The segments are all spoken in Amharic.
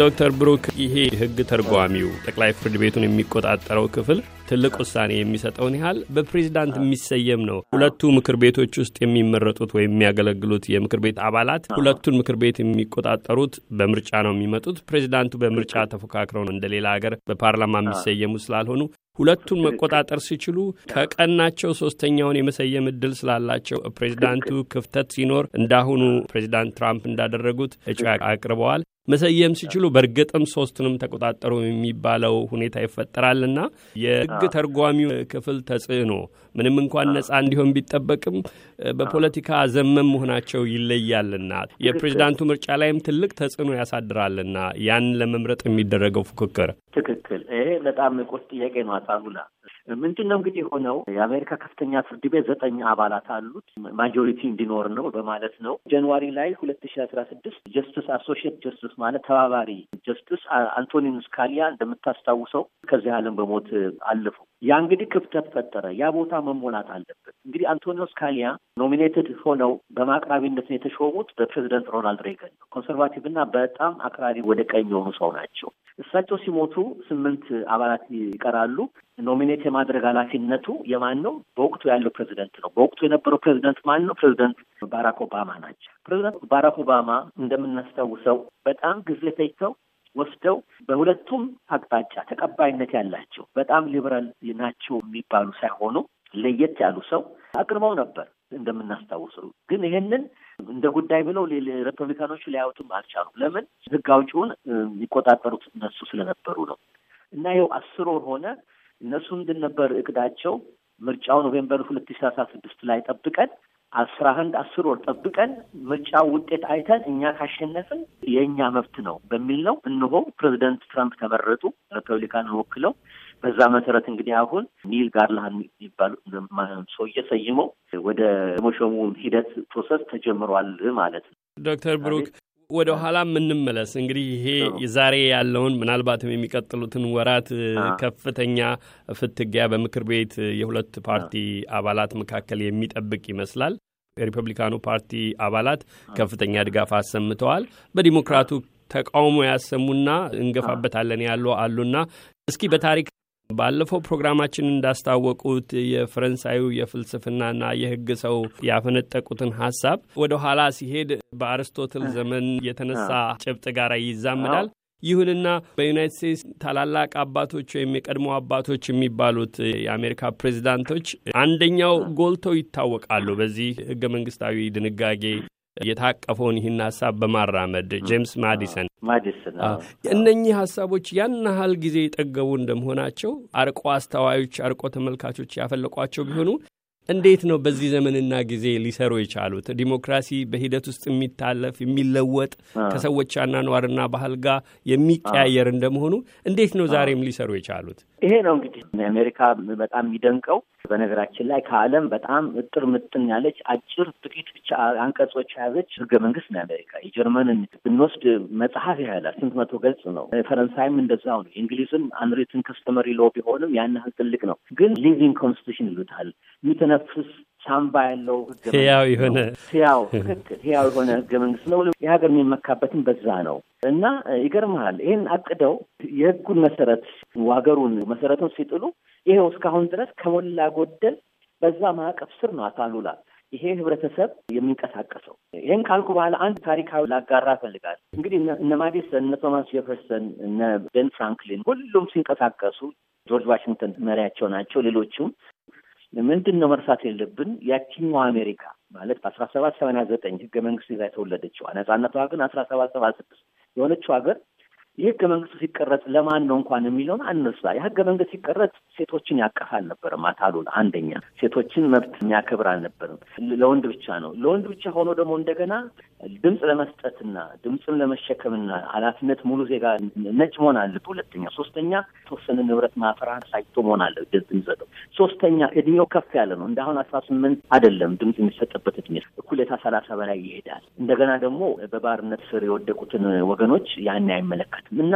ዶክተር ብሩክ ይሄ ህግ ተርጓሚው ጠቅላይ ፍርድ ቤቱን የሚቆጣጠረው ክፍል ትልቅ ውሳኔ የሚሰጠውን ያህል በፕሬዚዳንት የሚሰየም ነው። ሁለቱ ምክር ቤቶች ውስጥ የሚመረጡት ወይም የሚያገለግሉት የምክር ቤት አባላት ሁለቱን ምክር ቤት የሚቆጣጠሩት በምርጫ ነው የሚመጡት። ፕሬዚዳንቱ በምርጫ ተፎካክረው ነው እንደሌላ ሀገር በፓርላማ የሚሰየሙ ስላልሆኑ ሁለቱን መቆጣጠር ሲችሉ ከቀናቸው ሶስተኛውን የመሰየም እድል ስላላቸው ፕሬዚዳንቱ ክፍተት ሲኖር እንዳሁኑ ፕሬዚዳንት ትራምፕ እንዳደረጉት እጩ አቅርበዋል። መሰየም ሲችሉ በእርግጥም ሶስቱንም ተቆጣጠሩ የሚባለው ሁኔታ ይፈጠራልና የህግ ተርጓሚው ክፍል ተጽዕኖ ምንም እንኳን ነጻ እንዲሆን ቢጠበቅም በፖለቲካ ዘመም መሆናቸው ይለያልና የፕሬዚዳንቱ ምርጫ ላይም ትልቅ ተጽዕኖ ያሳድራልና ያን ለመምረጥ የሚደረገው ፉክክር ትክክል። ይሄ በጣም ቁስ ጥያቄ ነው አሉላ ምንድን ነው እንግዲህ የሆነው የአሜሪካ ከፍተኛ ፍርድ ቤት ዘጠኝ አባላት አሉት ማጆሪቲ እንዲኖር ነው በማለት ነው ጃንዋሪ ላይ ሁለት ሺ አስራ ስድስት ጀስትስ አሶሺየት ጀስትስ ማለት ተባባሪ ጀስትስ አንቶኒን ስካሊያ እንደምታስታውሰው ከዚህ ዓለም በሞት አለፉ። ያ እንግዲህ ክፍተት ፈጠረ። ያ ቦታ መሞላት አለበት። እንግዲህ አንቶኒዮ ስካሊያ ኖሚኔትድ ሆነው በማቅራቢነት የተሾሙት በፕሬዚደንት ሮናልድ ሬገን ነው። ኮንሰርቫቲቭ እና በጣም አክራሪ ወደ ቀኝ የሆኑ ሰው ናቸው። እሳቸው ሲሞቱ ስምንት አባላት ይቀራሉ። ኖሚኔት የማድረግ ኃላፊነቱ የማን ነው? በወቅቱ ያለው ፕሬዚደንት ነው። በወቅቱ የነበረው ፕሬዚደንት ማን ነው? ፕሬዚደንት ባራክ ኦባማ ናቸው። ፕሬዚደንት ባራክ ኦባማ እንደምናስታውሰው በጣም ጊዜ ተይተው ወስደው በሁለቱም አቅጣጫ ተቀባይነት ያላቸው በጣም ሊበራል ናቸው የሚባሉ ሳይሆኑ ለየት ያሉ ሰው አቅርበው ነበር። እንደምናስታውሰው። ግን ይሄንን እንደ ጉዳይ ብለው ሪፐብሊካኖቹ ሊያዩትም አልቻሉም። ለምን? ህግ አውጪውን የሚቆጣጠሩት እነሱ ስለነበሩ ነው። እና ይኸው አስር ወር ሆነ። እነሱ ምንድን ነበር እቅዳቸው? ምርጫው ኖቬምበር ሁለት ሺ ሰላሳ ስድስት ላይ ጠብቀን አስራ አንድ አስር ወር ጠብቀን ምርጫ ውጤት አይተን እኛ ካሸነፍን የእኛ መብት ነው በሚል ነው። እነሆ ፕሬዚደንት ትራምፕ ተመረጡ ሪፐብሊካንን ወክለው። በዛ መሰረት እንግዲህ አሁን ኒል ጋርላሃን የሚባሉ ሰውዬ ሰይመው ወደ መሾሙ ሂደት ፕሮሰስ ተጀምሯል ማለት ነው። ዶክተር ብሩክ ወደ ኋላ እንመለስ። እንግዲህ ይሄ ዛሬ ያለውን ምናልባትም የሚቀጥሉትን ወራት ከፍተኛ ፍትጊያ በምክር ቤት የሁለት ፓርቲ አባላት መካከል የሚጠብቅ ይመስላል። የሪፐብሊካኑ ፓርቲ አባላት ከፍተኛ ድጋፍ አሰምተዋል። በዲሞክራቱ ተቃውሞ ያሰሙና እንገፋበታለን ያሉ አሉና እስኪ በታሪክ ባለፈው ፕሮግራማችን እንዳስታወቁት የፈረንሳዩ የፍልስፍናና የሕግ ሰው ያፈነጠቁትን ሀሳብ ወደ ኋላ ሲሄድ በአርስቶትል ዘመን የተነሳ ጭብጥ ጋር ይዛመዳል። ይሁንና በዩናይት ስቴትስ ታላላቅ አባቶች ወይም የቀድሞ አባቶች የሚባሉት የአሜሪካ ፕሬዚዳንቶች አንደኛው ጎልተው ይታወቃሉ በዚህ ህገ መንግስታዊ ድንጋጌ የታቀፈውን ይህን ሀሳብ በማራመድ ጄምስ ማዲሰን ማዲሰን እነኚህ ሀሳቦች ያን ያህል ጊዜ የጠገቡ እንደመሆናቸው አርቆ አስተዋዮች፣ አርቆ ተመልካቾች ያፈለቋቸው ቢሆኑ እንዴት ነው በዚህ ዘመንና ጊዜ ሊሰሩ የቻሉት? ዲሞክራሲ በሂደት ውስጥ የሚታለፍ የሚለወጥ ከሰዎች አኗኗርና ባህል ጋር የሚቀያየር እንደመሆኑ እንዴት ነው ዛሬም ሊሰሩ የቻሉት? ይሄ ነው እንግዲህ አሜሪካ በጣም የሚደንቀው በነገራችን ላይ ከዓለም በጣም እጥር ምጥን ያለች አጭር ጥቂት ብቻ አንቀጾች የያዘች ህገ መንግስት ነው አሜሪካ። የጀርመንን ብንወስድ መጽሐፍ ያህላል፣ ስንት መቶ ገጽ ነው። ፈረንሳይም እንደዛው ነው። የእንግሊዝም አንሪትን ከስተመሪ ሎ ቢሆንም ያን ያህል ትልቅ ነው። ግን ሊቪንግ ኮንስቲቱሽን ይሉታል የሚተነፍስ ሳምባ ያለው ህያው የሆነ ያው ትክክል ያው የሆነ ህገ መንግስት ነው። የሀገር የሚመካበትን በዛ ነው እና ይገርመሃል፣ ይህን አቅደው የህጉን መሰረት ሀገሩን መሰረቱን ሲጥሉ ይሄው እስካሁን ድረስ ከሞላ ጎደል በዛ ማዕቀፍ ስር ነው አታሉላ ይሄ ህብረተሰብ የሚንቀሳቀሰው። ይህን ካልኩ በኋላ አንድ ታሪካዊ ላጋራ ፈልጋል። እንግዲህ እነ ማዲሰን፣ እነ ቶማስ ጀፈርሰን፣ እነ ቤን ፍራንክሊን ሁሉም ሲንቀሳቀሱ ጆርጅ ዋሽንግተን መሪያቸው ናቸው። ሌሎችም ምንድን ነው መርሳት የለብን ያቺኛው አሜሪካ ማለት በአስራ ሰባት ሰማንያ ዘጠኝ ህገ መንግስት ይዛ የተወለደችዋ ነጻነቷ ግን አስራ ሰባት ሰባ ስድስት የሆነችው ሀገር የህገ መንግስቱ ሲቀረጽ ለማን ነው እንኳን የሚለውን አንርሳ። የህገ መንግስት ሲቀረጽ ሴቶችን ያቀፍ አልነበረም። አታሉል አንደኛ ሴቶችን መብት የሚያከብር አልነበርም። ለወንድ ብቻ ነው። ለወንድ ብቻ ሆኖ ደግሞ እንደገና ድምፅ ለመስጠትና ድምፅን ለመሸከምና ኃላፊነት ሙሉ ዜጋ ነጭ መሆን አለ። ሁለተኛ ሶስተኛ የተወሰነ ንብረት ማፍራት ሳይቶ መሆን አለ ድምፅ ሶስተኛ እድሜው ከፍ ያለ ነው። እንደ አሁን አስራ ስምንት አይደለም ድምፅ የሚሰጠበት እድሜ እኩሌታ ሰላሳ በላይ ይሄዳል። እንደገና ደግሞ በባርነት ስር የወደቁትን ወገኖች ያን አይመለከትም እና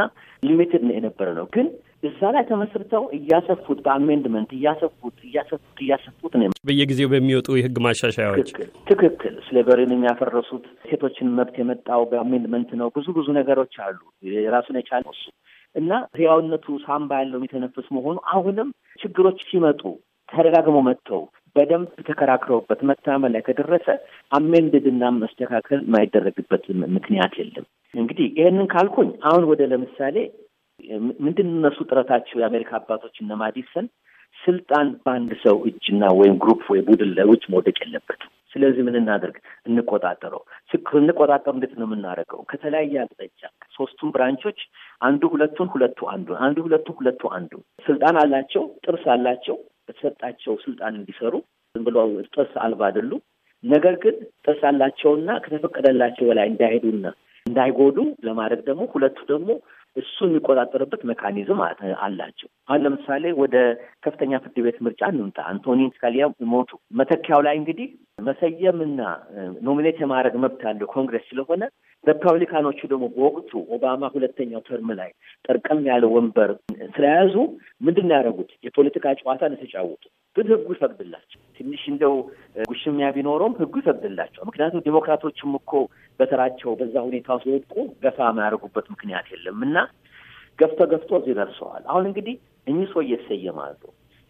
ሊሚትድ የነበረ ነው ግን እዛ ላይ ተመስርተው እያሰፉት በአሜንድመንት እያሰፉት እያሰፉት እያሰፉት ነው። በየጊዜው በሚወጡ የህግ ማሻሻያዎች ትክክል ስሌቨሪንም የሚያፈረሱት ሴቶችን መብት የመጣው በአሜንድመንት ነው። ብዙ ብዙ ነገሮች አሉ የራሱን የቻለ እሱ እና ህያውነቱ ሳምባ ያለው የሚተነፍስ መሆኑ አሁንም ችግሮች ሲመጡ ተደጋግሞ መጥተው በደንብ ተከራክረውበት መታመን ላይ ከደረሰ አሜንድድ እና መስተካከል የማይደረግበት ምክንያት የለም። እንግዲህ ይህንን ካልኩኝ አሁን ወደ ለምሳሌ ምንድን እነሱ ጥረታቸው የአሜሪካ አባቶች እነ ማዲሰን ስልጣን በአንድ ሰው እጅና ወይም ግሩፕ ወይ ቡድን ለውጭ መውደቅ የለበትም። ስለዚህ ምን እናደርግ? እንቆጣጠረው። ስንቆጣጠሩ እንዴት ነው የምናደርገው? ከተለያየ አቅጣጫ ሶስቱም ብራንቾች አንዱ ሁለቱን፣ ሁለቱ አንዱ፣ አንዱ ሁለቱ፣ ሁለቱ አንዱ ስልጣን አላቸው፣ ጥርስ አላቸው። በተሰጣቸው ስልጣን እንዲሰሩ ዝም ብሎ ጥርስ አልባ አይደሉም። ነገር ግን ጥርስ አላቸውና ከተፈቀደላቸው በላይ እንዳይሄዱና እንዳይጎዱ ለማድረግ ደግሞ ሁለቱ ደግሞ እሱ የሚቆጣጠርበት መካኒዝም አላቸው። አሁን ለምሳሌ ወደ ከፍተኛ ፍርድ ቤት ምርጫ እንምጣ። አንቶኒን ስካሊያ ሞቱ። መተኪያው ላይ እንግዲህ መሰየምና ኖሚኔት የማድረግ መብት ያለው ኮንግረስ ስለሆነ ሪፐብሊካኖቹ ደግሞ በወቅቱ ኦባማ ሁለተኛው ተርም ላይ ጠርቀም ያለ ወንበር ስለያዙ ምንድን ነው ያደረጉት? የፖለቲካ ጨዋታ ነው ግን ህጉ ይፈቅድላቸው ትንሽ እንደው ጉሽሚያ ቢኖረውም ህጉ ይፈቅድላቸው። ምክንያቱም ዴሞክራቶችም እኮ በተራቸው በዛ ሁኔታ ውስጥ ወድቁ ገፋ የማያደርጉበት ምክንያት የለም እና ገፍቶ ገፍቶ እዚህ ደርሰዋል። አሁን እንግዲህ እኚህ ሰው እየተሰየማሉ።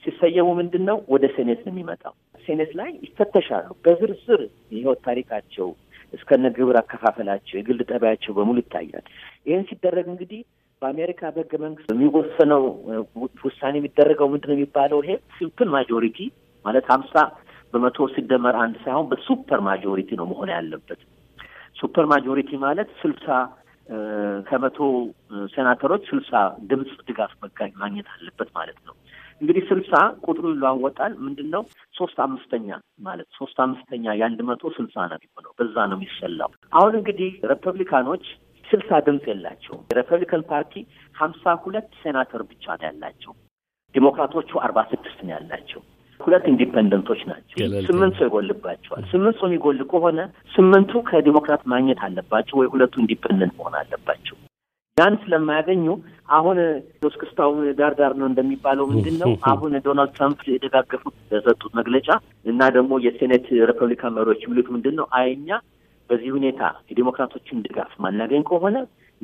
ሲሰየሙ ምንድን ነው ወደ ሴኔት ነው የሚመጣው። ሴኔት ላይ ይፈተሻሉ በዝርዝር የህይወት ታሪካቸው እስከነ ግብር አከፋፈላቸው፣ የግል ጠባያቸው በሙሉ ይታያል። ይህን ሲደረግ እንግዲህ በአሜሪካ በህገ መንግስት የሚወሰነው ውሳኔ የሚደረገው ምንድን ነው የሚባለው? ይሄ ሲምፕል ማጆሪቲ ማለት ሀምሳ በመቶ ሲደመር አንድ ሳይሆን በሱፐር ማጆሪቲ ነው መሆን ያለበት። ሱፐር ማጆሪቲ ማለት ስልሳ ከመቶ ሴናተሮች ስልሳ ድምፅ ድጋፍ መጋኝ ማግኘት አለበት ማለት ነው። እንግዲህ ስልሳ ቁጥሩ ይለዋወጣል። ምንድን ነው ሶስት አምስተኛ ማለት ሶስት አምስተኛ የአንድ መቶ ስልሳ ነው የሚሆነው። በዛ ነው የሚሰላው። አሁን እንግዲህ ሪፐብሊካኖች ስልሳ ድምፅ የላቸውም። የሪፐብሊካን ፓርቲ ሀምሳ ሁለት ሴናተር ብቻ ነው ያላቸው። ዲሞክራቶቹ አርባ ስድስት ነው ያላቸው። ሁለት ኢንዲፐንደንቶች ናቸው። ስምንት ሰው ይጎልባቸዋል። ስምንት ሰው የሚጎል ከሆነ ስምንቱ ከዲሞክራት ማግኘት አለባቸው ወይ ሁለቱ ኢንዲፐንደንት መሆን አለባቸው። ያን ስለማያገኙ አሁን እስክስታው ዳር ዳር ነው እንደሚባለው ምንድን ነው አሁን ዶናልድ ትራምፕ የደጋገፉት የሰጡት መግለጫ እና ደግሞ የሴኔት ሪፐብሊካን መሪዎች ብሉት ምንድን ነው አይኛ በዚህ ሁኔታ የዴሞክራቶችን ድጋፍ ማናገኝ ከሆነ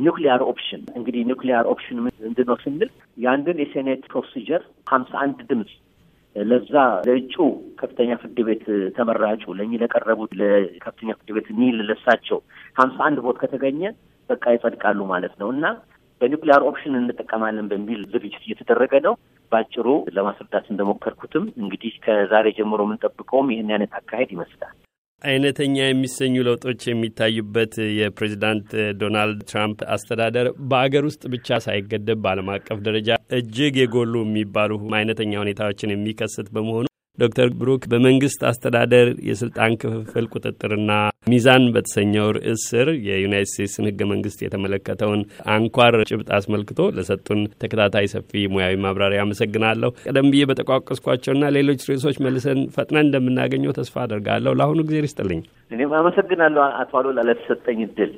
ኒክሊያር ኦፕሽን እንግዲህ ኒክሊያር ኦፕሽን ምንድን ነው ስንል የአንድን የሴኔት ፕሮሲጀር ሀምሳ አንድ ድምፅ ለዛ ለእጩ ከፍተኛ ፍርድ ቤት ተመራጩ ለእኚ ለቀረቡት ለከፍተኛ ፍርድ ቤት ኒል ለሳቸው ሀምሳ አንድ ቦት ከተገኘ በቃ ይጸድቃሉ ማለት ነው እና በኒክሊያር ኦፕሽን እንጠቀማለን በሚል ዝግጅት እየተደረገ ነው። በአጭሩ ለማስረዳት እንደሞከርኩትም እንግዲህ ከዛሬ ጀምሮ የምንጠብቀውም ይህን አይነት አካሄድ ይመስላል። አይነተኛ የሚሰኙ ለውጦች የሚታዩበት የፕሬዚዳንት ዶናልድ ትራምፕ አስተዳደር በአገር ውስጥ ብቻ ሳይገደብ በዓለም አቀፍ ደረጃ እጅግ የጎሉ የሚባሉ አይነተኛ ሁኔታዎችን የሚከስት በመሆኑ ዶክተር ብሩክ በመንግስት አስተዳደር የስልጣን ክፍፍል ቁጥጥርና ሚዛን በተሰኘው ርዕስ ስር የዩናይት ስቴትስን ህገ መንግስት የተመለከተውን አንኳር ጭብጥ አስመልክቶ ለሰጡን ተከታታይ ሰፊ ሙያዊ ማብራሪያ አመሰግናለሁ። ቀደም ብዬ በጠቋቀስኳቸውና ሌሎች ርዕሶች መልሰን ፈጥነን እንደምናገኘው ተስፋ አደርጋለሁ። ለአሁኑ ጊዜ ይስጥልኝ። እኔም አመሰግናለሁ አቶ አሉላ ለተሰጠኝ እድል።